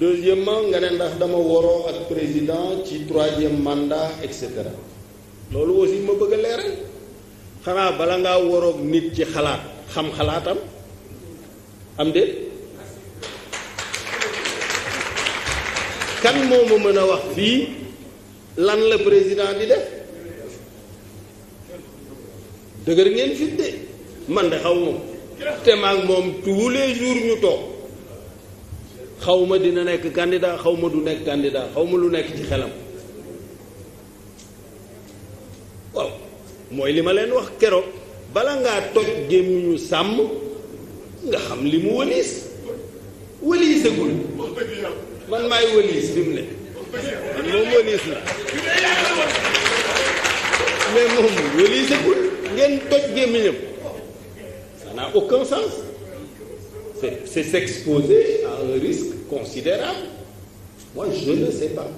deuxièmement nga ne ndax dama waroo ak président ci troisième mandat et cetera loolu aussi ma bëgg a leeral xanaa bala ngaa waroog nit ci xalaat xam xalaatam am de kan moo ma mën a wax fii lan la président di def dëgër ngeen fit de man de xaw moom te maag moom tous les jours ñu toog xaw ma dina nekk candidat xaw ma du nekk candidat xaw ma lu nekk ci xelam waaw mooy li ma leen wax keroog bala ngaa toj gémmiñu sàmm nga xam li mu wëliis wëliisagul man maay wëliis fi mu ne man moom wëliis la mais moom wëliisagul ngeen toj gémmiñam ça n'a aucun sens c'est c'est s'exposer un risque considérable Moi, je ne sais pas.